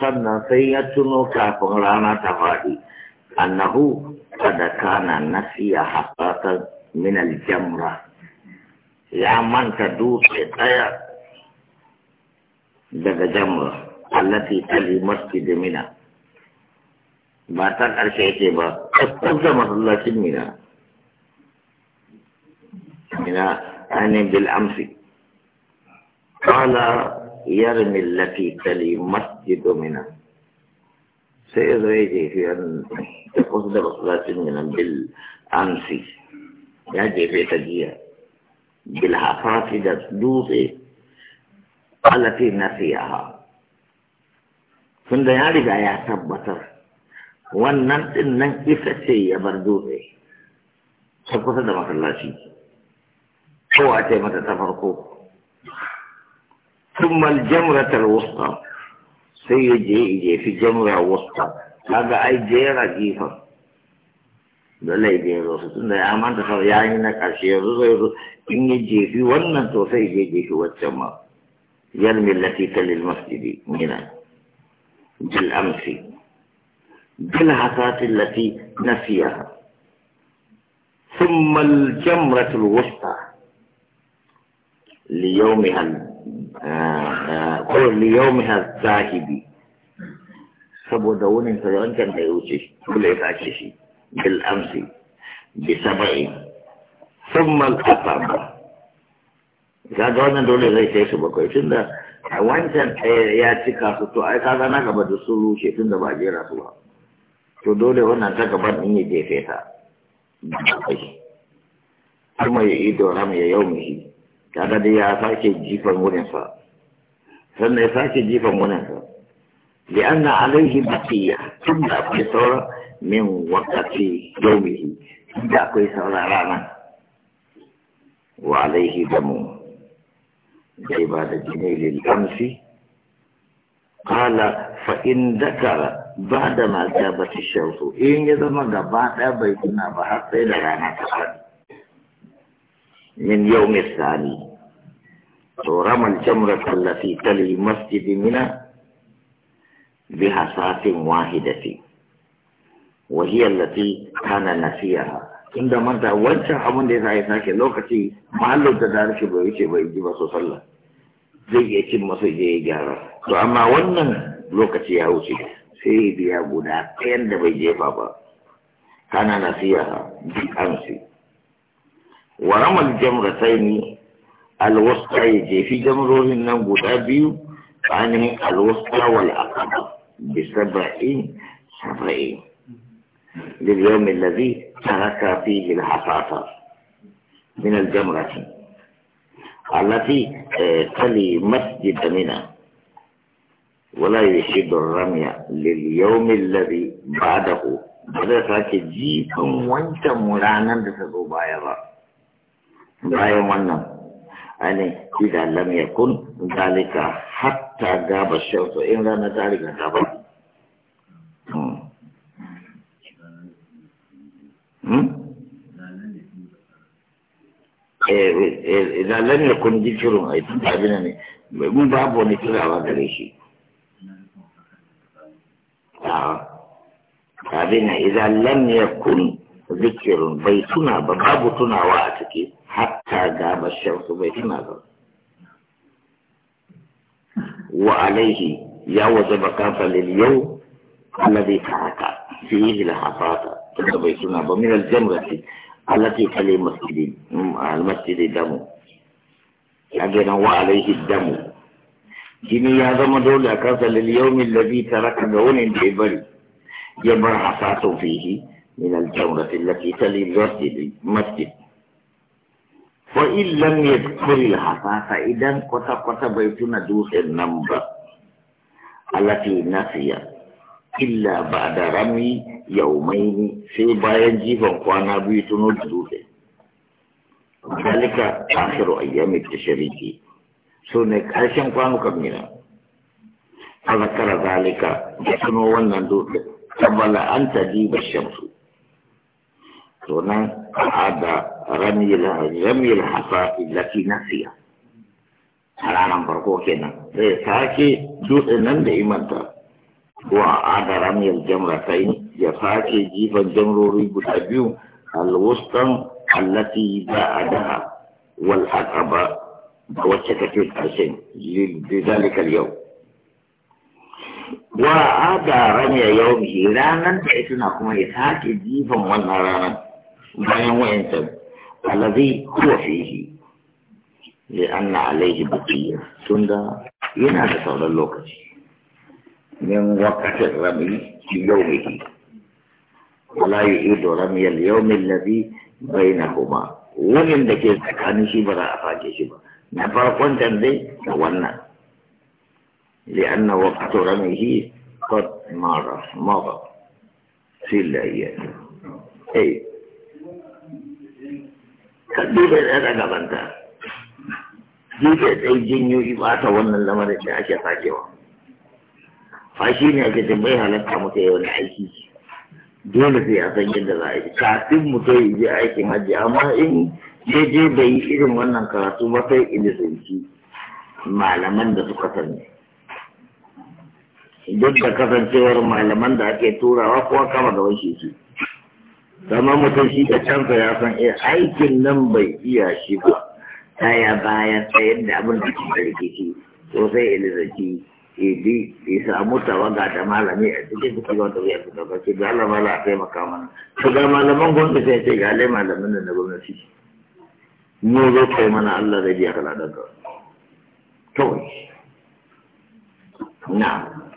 وسلم سيئتنا كافر لنا تفادي أنه قد كان نسي حقاك من الجمرة يا من تدوس تايا دغ جمرة التي تلي مسجد منا باتك أرشيكي با أستمزم الله سمينا منا أنا بالأمس قال يرمي التي تلي مسجد منا سيد ريدي في أن تقصد صلاة منا بالأمس يجي في تجيه بالحفاظ تدوس التي نسيها فإن ذلك يا سبتر وننت إنن إفتي يبردوه تقصد ما صلاة هو أتي متى تفرقوه ثم الجمرة الوسطى سيجي يجي في جمرة وسطى هذا أي جيرة جيفة لا يجي الوسط لا يا من تخر يا إنك أشير غير إن يجي في ولن توفي يجي في والسماء يرمي التي تلي المسجد منا بالأمس التي نسيها ثم الجمرة الوسطى ليومها Ah, ah, ko liyaumi zahibi saboda wunin ta wancan da ya wuce kula ya sake shi bil amsi bi saba'i thumma al-asaba ga ga wannan dole zai kai su bakwai tun a wancan ya ci kasu, to ai ka na gaba da su rushe da ba jera su ba to dole wannan ta gaban in yi jefe ta bakwai har mai ido ram ya yaumihi kaga dai ya sake jifan wurin sa sannan ya sake jifan wurin sa li anna alaihi bakiya tun da akwai saura min wakati yaumihi tun da akwai saura rana wa alaihi damu zai ba da jinai lilamsi kala fa in dakara ba da ma ga ba su in ya zama gaba ɗaya bai kuma ba har sai da rana ta faɗi min yau mai sani رمى الجمرة التي تلي مسجد منى بحصاة واحدة وهي التي كان نسيها tunda manta wancan abin da ya sa ya sake lokaci mahallin da da rike bai wuce bai ji masu sallah zai iya cin masa je ya gyara to amma wannan lokaci ya wuce sai ya biya guda ɗayan da bai jefa ba kana nasiha bi kansu wa ramal jamra ni الوسطى يجي في جمره النبوة بيو يعني الوسطى والأقبى بسبع سبعين لليوم الذي ترك فيه الحصاصة من الجمرة التي آه، تلي مسجد منها ولا يشد الرمية لليوم الذي بعده بدأ ساكي جيكم وانتم مرانا بسبب بايضا بايضا ainih tidak lam yakun zalika hatta gaba syautu in lana zalika gaba Eh, lam yakun dikirun ai tabina ne mun babu ne kira ba gare shi Abin nan, idan lam ya kun zikirun bai tuna ba, babu tunawa a cikin حتى غاب الشمس بيتنا وعليه يا وجب لليوم اليوم الذي ترك فيه بيت النظر من الجمرة التي تلي المسجد المسجد دم لكن وعليه الدم جميع يا زم دول كافل اليوم الذي ترك دون الجبل يبرع حصات فيه من الجمرة التي تلي المسجد wa illam yadhkuri hasasa idan kwata-kwata bai tuna dutsen nan ba alati fiya illa ba da rami yaumaini sai bayan jifan kwana biyu tuno da dutse dalika akhiru ayyami tashriki so ne karshen kwano mina fa zakara zalika da tuno wannan dutse kamala an tajiba shamsu هنا أعاد رمي لها جميع الحقائق التي نسيها هل أنا أمبركو كنا إيه، ساكي جوء نند إيمان تا وعاد رمي الجمرتين يساكي جيفا جمرو ريب الأبيو الوسطى التي باعدها والأقرباء وشتكي الأشين لذلك اليوم وعاد رمي يوم هيرانا بإثنى كما يساكي جيفا من هرانا bayan wa'incan الذي هو فيه لأن عليه بقية تندى ينادى صلى الله من وقت الرمي يومه ولا يعيد رمي اليوم الذي بينهما ومن ذكر كان شبرا أفاك شبرا نفر كنت ذي تولنا لأن وقت رميه قد مر مضى في الأيام أي kaddu bai ɗaya da gabanta shi ke tsaye jinyo ta wannan lamarin da ake sakewa fa shi ne ake tambayi halatta mutu yi wani aiki dole sai a san yadda za a yi kafin mutum ya je aikin hajji amma in ya je bai yi irin wannan karatu ba sai ilisanci malaman da suka sani duk da kasancewar malaman da ake turawa kuma kama da wani shi zama mutum shi da canza ya san eh aikin nan bai iya shi ba ya bayan tsayar da abin da ke da shi to sai ilizaki idi ya samu tawaga da malami a cikin suke kuma da wuyar da kake da Allah mala a kai mana to ga malaman gwamnati sai ce ga malamin da na gwamnati mu zo kai mana Allah zai biya kala daga kawai na'am